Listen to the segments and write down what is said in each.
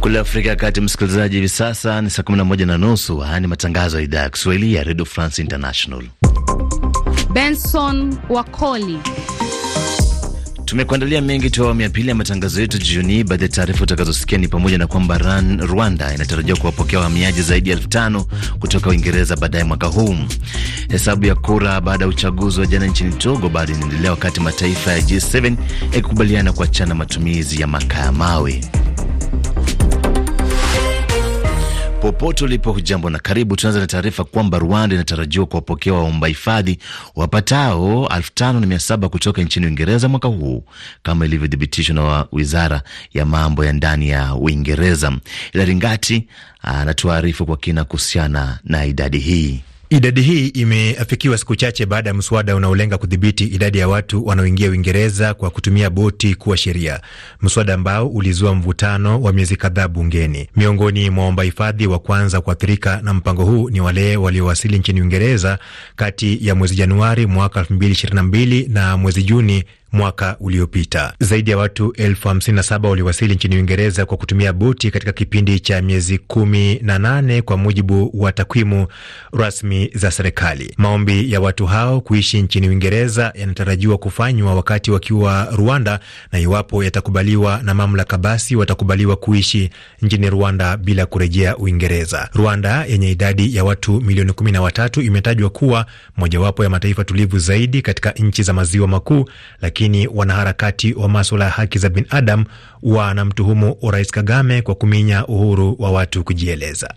Kule Afrika ya Kati, msikilizaji, hivi sasa ni saa 11 na nusu. Haya ni matangazo ya idhaa ya Kiswahili ya Redio France International. Benson Wakoli tumekuandalia mengi tu awamu ya pili ya matangazo yetu jioni. Baadhi ya taarifa utakazosikia ni pamoja na kwamba Rwanda inatarajiwa kuwapokea wahamiaji zaidi ya elfu tano kutoka Uingereza baadaye mwaka huu. Hesabu ya kura baada ya uchaguzi wa jana nchini Togo bado inaendelea, wakati mataifa ya G7 yakikubaliana kuachana matumizi ya makaa ya mawe. Popote ulipo, hujambo na karibu. Tunaanza na taarifa kwamba Rwanda inatarajiwa kuwapokea waomba hifadhi wapatao elfu na mia saba kutoka nchini Uingereza mwaka huu kama ilivyothibitishwa na wizara ya mambo ya ndani ya Uingereza. Ila Ringati anatuarifu kwa kina kuhusiana na idadi hii. Idadi hii imeafikiwa siku chache baada ya mswada unaolenga kudhibiti idadi ya watu wanaoingia Uingereza kwa kutumia boti kuwa sheria, mswada ambao ulizua mvutano wa miezi kadhaa bungeni. Miongoni mwa waomba hifadhi wa kwanza kuathirika na mpango huu ni wale waliowasili nchini Uingereza kati ya mwezi Januari mwaka 2022 na mwezi Juni mwaka uliopita. Zaidi ya watu elfu hamsini na saba waliwasili nchini Uingereza kwa kutumia boti katika kipindi cha miezi kumi na nane kwa mujibu wa takwimu rasmi za serikali. Maombi ya watu hao kuishi nchini Uingereza yanatarajiwa kufanywa wakati wakiwa Rwanda, na iwapo yatakubaliwa na mamlaka, basi watakubaliwa kuishi nchini Rwanda bila kurejea Uingereza. Rwanda yenye idadi ya watu milioni kumi na watatu imetajwa kuwa mojawapo ya mataifa tulivu zaidi katika nchi za maziwa makuu, lakini lakini wanaharakati wa maswala ya haki za binadamu wanamtuhumu Rais Kagame kwa kuminya uhuru wa watu kujieleza.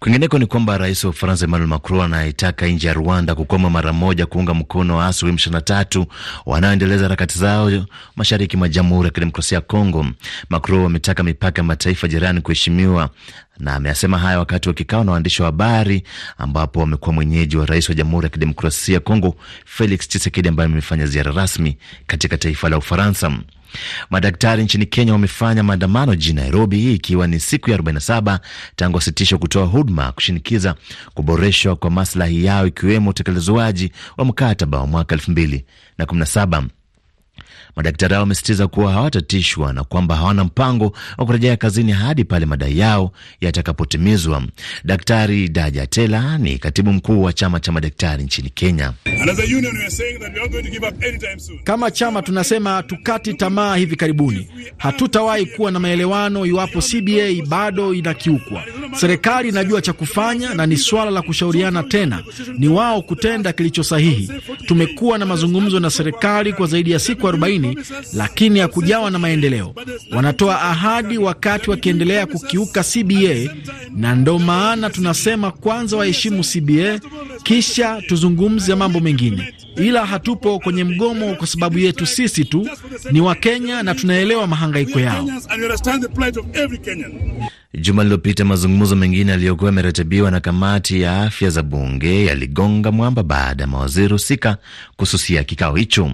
Kwingineko ni kwamba rais wa Ufaransa Emmanuel Macron anaitaka nje ya Rwanda kukoma mara moja kuunga mkono waasi wa M23 wanaoendeleza harakati zao mashariki mwa Jamhuri ya Kidemokrasia ya Kongo. Macron ametaka mipaka ya mataifa jirani kuheshimiwa na ameyasema haya wakati wa kikao na waandishi wa habari ambapo wamekuwa mwenyeji wa rais wa Jamhuri ya Kidemokrasia ya Kongo Felix Tshisekedi ambaye amefanya ziara rasmi katika taifa la Ufaransa. Madaktari nchini Kenya wamefanya maandamano jijini Nairobi, hii ikiwa ni siku ya 47 tangu wasitisho kutoa huduma, kushinikiza kuboreshwa kwa maslahi yao, ikiwemo utekelezwaji wa mkataba wa mwaka 2017. Madaktari hao wamesitiza kuwa hawatatishwa na kwamba hawana mpango wa kurejea kazini hadi pale madai yao yatakapotimizwa. Daktari Daja Tela ni katibu mkuu wa chama cha madaktari nchini Kenya. Kama chama tunasema tukati tamaa hivi karibuni. Hatutawahi kuwa na maelewano iwapo CBA bado inakiukwa. Serikali inajua cha kufanya na ni swala la kushauriana tena, ni wao kutenda kilicho sahihi. Tumekuwa na mazungumzo na serikali kwa zaidi ya siku arobaini, lakini hakujawa na maendeleo. Wanatoa ahadi wakati wakiendelea kukiuka CBA, na ndo maana tunasema kwanza waheshimu CBA, kisha tuzungumze mambo mengine, ila hatupo kwenye mgomo kwa sababu yetu sisi tu, ni Wakenya na tunaelewa mahangaiko yao. Juma lililopita mazungumzo mengine yaliyokuwa yameratibiwa na kamati ya afya za bunge yaligonga mwamba baada ya mawaziri husika kususia kikao hicho.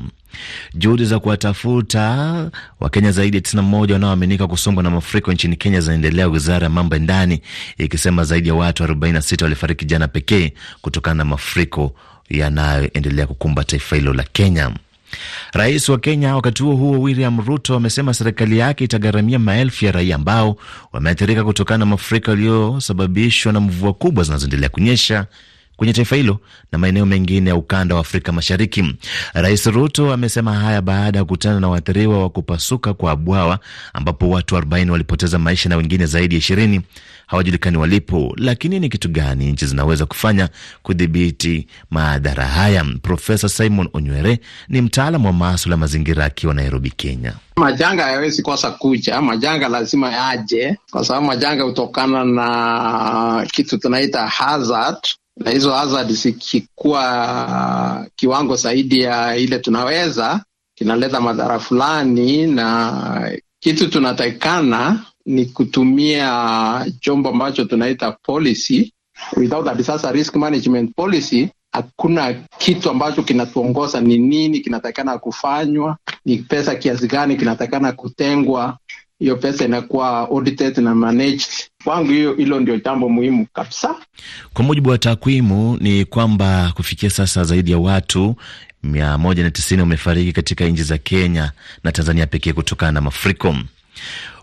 Juhudi za kuwatafuta Wakenya zaidi ya 91 wanaoaminika kusombwa na mafuriko nchini Kenya zinaendelea, wizara ya mambo ya ndani ikisema zaidi ya watu 46 walifariki jana pekee kutokana na mafuriko yanayoendelea kukumba taifa hilo la Kenya. Rais wa Kenya wakati huo huo William Ruto amesema serikali yake itagharamia maelfu ya raia ambao wameathirika kutokana na mafuriko yaliyosababishwa na mvua kubwa zinazoendelea kunyesha kwenye taifa hilo na maeneo mengine ya ukanda wa Afrika Mashariki. Rais Ruto amesema haya baada ya kukutana na waathiriwa wa kupasuka kwa bwawa ambapo watu 40 walipoteza maisha na wengine zaidi ya ishirini hawajulikani walipo. Lakini ni kitu gani nchi zinaweza kufanya kudhibiti maadhara haya? Profesa Simon Onywere ni mtaalamu wa maswala ya mazingira akiwa Nairobi, Kenya. Majanga hayawezi kosa kuja, majanga lazima yaje, kwa sababu majanga hutokana na kitu tunaita hazard na hizo hazard zikikuwa kiwango zaidi ya ile tunaweza, kinaleta madhara fulani, na kitu tunatakikana ni kutumia chombo ambacho tunaita policy. Without that, risk management policy, hakuna kitu ambacho kinatuongoza ni nini kinatakikana kufanywa, ni pesa kiasi gani kinatakikana kutengwa hiyo pesa inakuwa audited na managed. Kwangu hiyo hilo ndio jambo muhimu kabisa. Kwa mujibu wa takwimu, ni kwamba kufikia sasa zaidi ya watu mia moja na tisini wamefariki katika nchi za Kenya na Tanzania pekee kutokana na mafuriko.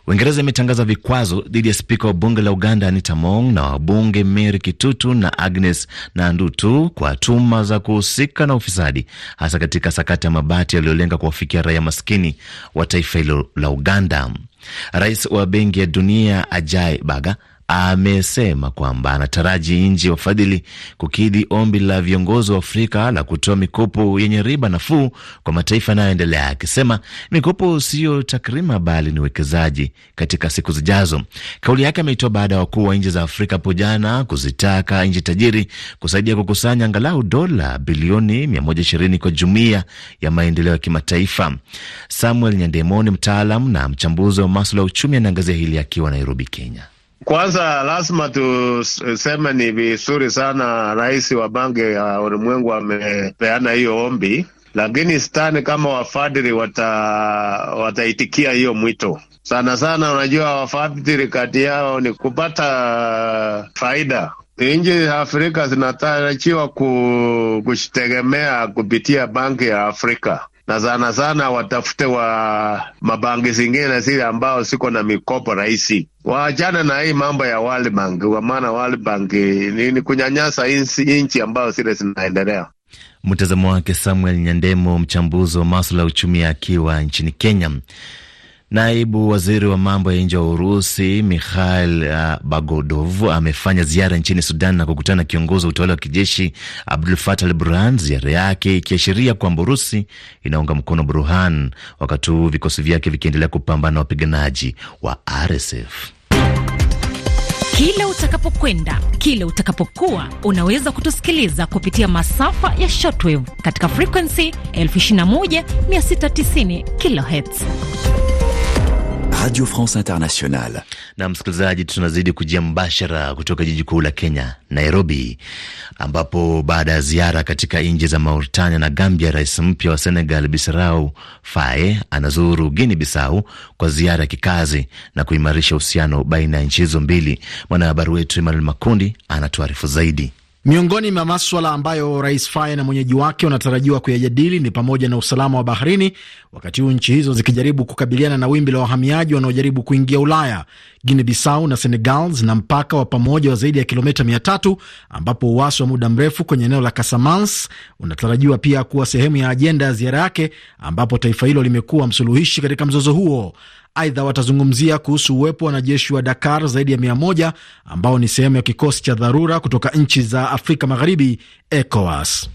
Uingereza imetangaza vikwazo dhidi ya spika wa bunge la Uganda Anita Mong na wabunge Mary Kitutu na Agnes Nandutu kwa tuma za kuhusika na ufisadi, hasa katika sakata ya mabati yaliyolenga kuwafikia raia maskini wa taifa hilo la Uganda. Rais wa Benki ya Dunia Ajai Baga amesema kwamba anataraji nchi wafadhili kukidhi ombi la viongozi wa Afrika la kutoa mikopo yenye riba nafuu kwa mataifa yanayoendelea, akisema mikopo siyo takrima bali ni uwekezaji katika siku zijazo. Kauli yake ameitoa baada ya wakuu wa nchi za Afrika hapo jana kuzitaka nchi tajiri kusaidia kukusanya angalau dola bilioni 120 kwa jumuiya ya maendeleo ya kimataifa. Samuel Nyandemoni, mtaalam na mchambuzi wa maswala ya uchumi, anaangazia hili akiwa Nairobi, Kenya. Kwanza lazima tuseme ni vizuri sana rais wa Banki ya Ulimwengu amepeana hiyo ombi, lakini stani kama wafadhili wataitikia wata hiyo mwito sana sana. Unajua, wafadhili kati yao ni kupata faida. Nchi za Afrika zinatarajiwa kushitegemea kupitia Banki ya Afrika na sana sana watafute wa mabangi zingine zile ambao siko na mikopo rahisi, waachane na hii mambo ya World Bank, kwa maana World Bank ni kunyanyasa nchi ambayo zile zinaendelea. Mtazamo wake Samuel Nyandemo, mchambuzi wa maswala ya uchumi, akiwa nchini Kenya. Naibu waziri wa mambo ya nje wa Urusi Mikhail uh, Bagodov amefanya ziara nchini Sudan na kukutana na kiongozi wa utawala wa kijeshi Abdul Fatah al Burhan, ziara yake ikiashiria kwamba Urusi inaunga mkono Burhan, wakati huu vikosi vyake vikiendelea kupambana na wapiganaji wa RSF. Kile utakapokwenda kile utakapokuwa unaweza kutusikiliza kupitia masafa ya shortwave katika frequency 21690 kilohertz Radio France Internationale. Na msikilizaji, tunazidi kujia mbashara kutoka jiji kuu la Kenya, Nairobi, ambapo baada ya ziara katika nchi za Mauritania na Gambia, rais mpya wa Senegal Bisirau Fae anazuru guini bisau kwa ziara ya kikazi na kuimarisha uhusiano baina ya nchi hizo mbili. Mwanahabari wetu Emmanuel Makundi anatuarifu zaidi. Miongoni mwa maswala ambayo Rais Faye na mwenyeji wake wanatarajiwa kuyajadili ni pamoja na usalama wa baharini, wakati huu nchi hizo zikijaribu kukabiliana na wimbi la wahamiaji wanaojaribu kuingia Ulaya. Guinea Bissau na Senegal zina mpaka wa pamoja wa zaidi ya kilomita mia tatu ambapo uwasi wa muda mrefu kwenye eneo la Kasamans unatarajiwa pia kuwa sehemu ya ajenda ya ziara yake, ambapo taifa hilo limekuwa msuluhishi katika mzozo huo. Aidha, watazungumzia kuhusu uwepo wa wanajeshi wa Dakar zaidi ya mia moja ambao ni sehemu ya kikosi cha dharura kutoka nchi za Afrika Magharibi, ECOWAS.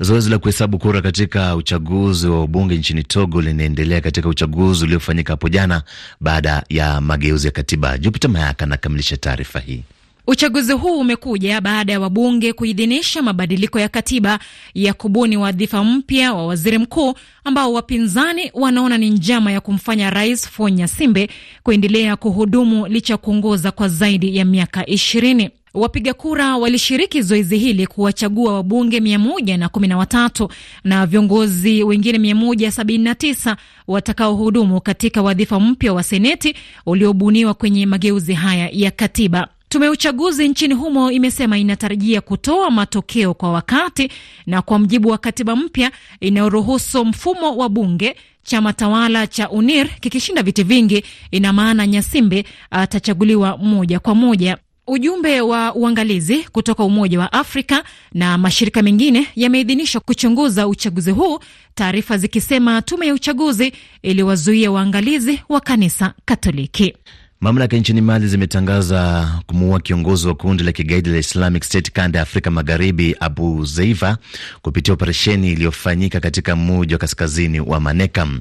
Zoezi la kuhesabu kura katika uchaguzi wa ubunge nchini Togo linaendelea katika uchaguzi uliofanyika hapo jana baada ya mageuzi ya katiba. Jupita Mayaka anakamilisha taarifa hii. Uchaguzi huu umekuja baada ya wabunge kuidhinisha mabadiliko ya katiba ya kubuni wadhifa mpya wa waziri mkuu ambao wapinzani wanaona ni njama ya kumfanya Rais Fonya Simbe kuendelea kuhudumu licha ya kuongoza kwa zaidi ya miaka ishirini. Wapiga kura walishiriki zoezi hili kuwachagua wabunge 113 na viongozi wengine 179 watakaohudumu katika wadhifa mpya wa seneti uliobuniwa kwenye mageuzi haya ya katiba. Tume ya uchaguzi nchini humo imesema inatarajia kutoa matokeo kwa wakati na kwa mjibu wa katiba mpya inayoruhusu mfumo wa bunge chama tawala cha UNIR kikishinda viti vingi, ina maana Nyasimbe atachaguliwa moja kwa moja. Ujumbe wa uangalizi kutoka Umoja wa Afrika na mashirika mengine yameidhinishwa kuchunguza uchaguzi huu, taarifa zikisema tume ya uchaguzi iliwazuia waangalizi wa kanisa Katoliki. Mamlaka nchini Mali zimetangaza kumuua kiongozi wa kundi la kigaidi la Islamic State kanda ya Afrika Magharibi, Abu Zeiva, kupitia operesheni iliyofanyika katika mji wa kaskazini wa Manekam.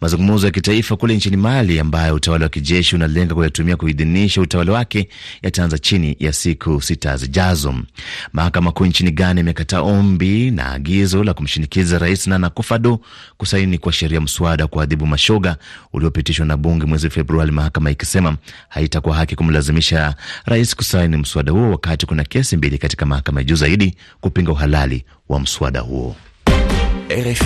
Mazungumzo ya kitaifa kule nchini Mali, ambayo utawala wa kijeshi unalenga kuyatumia kuidhinisha utawala wake, yataanza chini ya siku sita zijazo. Mahakama Kuu nchini Ghana imekataa ombi na agizo la kumshinikiza Rais Nana Akufo-Addo kusaini kwa sheria mswada wa kuadhibu mashoga uliopitishwa na bunge mwezi Februari, mahakama ikisema haitakuwa haki kumlazimisha rais kusaini mswada huo, wakati kuna kesi mbili katika mahakama ya juu zaidi kupinga uhalali wa mswada huo. RFI.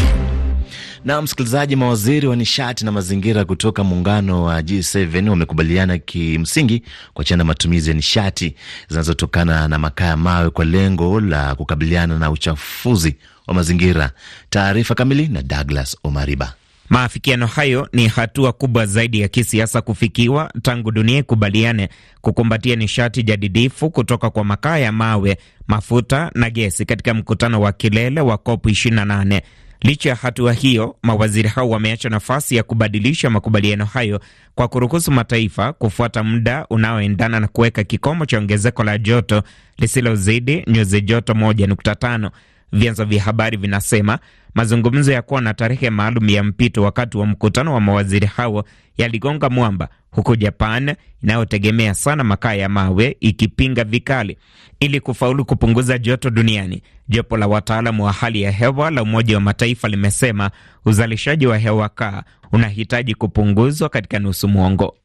Na msikilizaji, mawaziri wa nishati na mazingira kutoka muungano wa G7 wamekubaliana kimsingi kuachana matumizi ya nishati zinazotokana na makaa ya mawe kwa lengo la kukabiliana na uchafuzi wa mazingira. Taarifa kamili na Douglas Omariba. Maafikiano hayo ni hatua kubwa zaidi ya kisiasa kufikiwa tangu dunia ikubaliane kukumbatia nishati jadidifu kutoka kwa makaa ya mawe, mafuta na gesi katika mkutano wa kilele wa COP 28. Licha ya hatua hiyo, mawaziri hao wameacha nafasi ya kubadilisha makubaliano hayo kwa kuruhusu mataifa kufuata muda unaoendana na kuweka kikomo cha ongezeko la joto lisilozidi nyuzi joto 1.5. Vyanzo vya habari vinasema mazungumzo ya kuwa na tarehe maalum ya mpito wakati wa mkutano wa mawaziri hao yaligonga mwamba, huku Japan inayotegemea sana makaa ya mawe ikipinga vikali. Ili kufaulu kupunguza joto duniani, jopo la wataalamu wa hali ya hewa la Umoja wa Mataifa limesema uzalishaji wa hewa kaa unahitaji kupunguzwa katika nusu mwongo.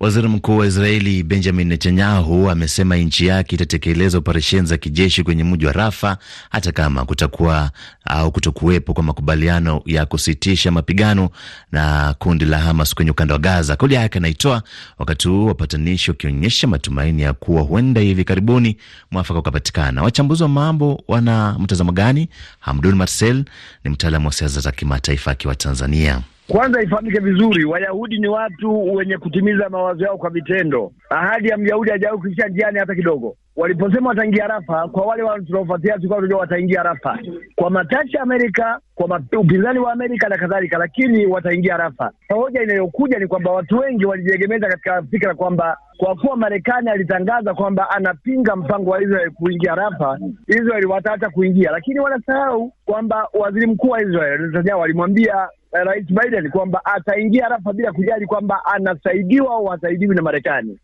Waziri mkuu wa Israeli Benjamin Netanyahu amesema nchi yake itatekeleza operesheni za kijeshi kwenye mji wa Rafa hata kama kutakuwa au kutokuwepo kwa makubaliano ya kusitisha mapigano na kundi la Hamas kwenye ukanda wa Gaza. Kauli yake anaitoa wakati huu wapatanishi wakionyesha matumaini ya kuwa huenda hivi karibuni mwafaka ukapatikana. Wachambuzi wa mambo wana mtazamo gani? Hamdun Marcel ni mtaalamu wa siasa za kimataifa akiwa Tanzania. Kwanza ifahamike vizuri, Wayahudi ni watu wenye kutimiza mawazo yao kwa vitendo. Ahadi ya Myahudi hajawahi kuishia njiani hata kidogo waliposema wataingia Rafa, kwa wale tunaofuatia tulikuwa tunajua wataingia Rafa kwa matachi ya Amerika, kwa upinzani wa Amerika na kadhalika, lakini wataingia Rafa. Hoja inayokuja ni kwamba watu wengi walijiegemeza katika fikira kwamba kwa kuwa Marekani alitangaza kwamba anapinga mpango wa Israel kuingia Rafa, Israel wataacha kuingia, lakini wanasahau kwamba waziri mkuu wa Israel Netanyahu alimwambia eh, Rais Biden kwamba ataingia Rafa bila kujali kwamba anasaidiwa au hasaidiwi na Marekani.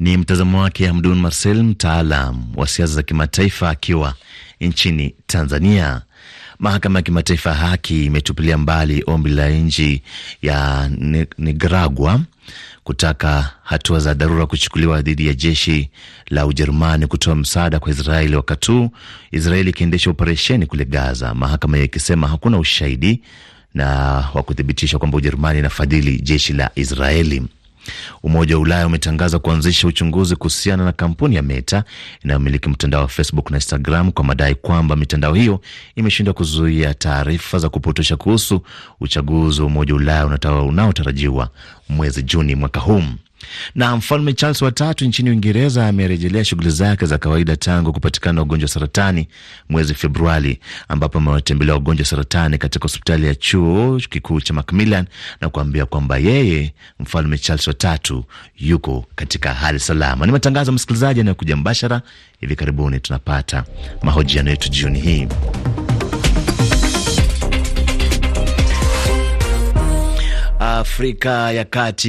Ni mtazamo wake Hamdun Marcel, mtaalam wa siasa za kimataifa akiwa nchini Tanzania. Mahakama ya Kimataifa ya Haki imetupilia mbali ombi la nchi ya Nigragua kutaka hatua za dharura kuchukuliwa dhidi ya jeshi la Ujerumani kutoa msaada kwa Israeli wakati huu Israeli ikiendesha operesheni kule Gaza, mahakama hiyo ikisema hakuna ushahidi na wa kuthibitisha kwamba Ujerumani inafadhili jeshi la Israeli. Umoja wa Ulaya umetangaza kuanzisha uchunguzi kuhusiana na kampuni ya Meta inayomiliki mtandao wa Facebook na Instagram kwa madai kwamba mitandao hiyo imeshindwa kuzuia taarifa za kupotosha kuhusu uchaguzi wa Umoja wa Ulaya unaotarajiwa mwezi Juni mwaka huu. Na mfalme Charles watatu nchini Uingereza amerejelea shughuli zake za kawaida tangu kupatikana ugonjwa wa saratani mwezi Februari, ambapo amewatembelea wagonjwa saratani katika hospitali ya chuo kikuu cha Macmillan na kuambia kwamba yeye mfalme Charles watatu yuko katika hali salama. Ni matangazo ya msikilizaji anayokuja mbashara. Hivi karibuni tunapata mahojiano yetu jioni hii. Afrika ya Kati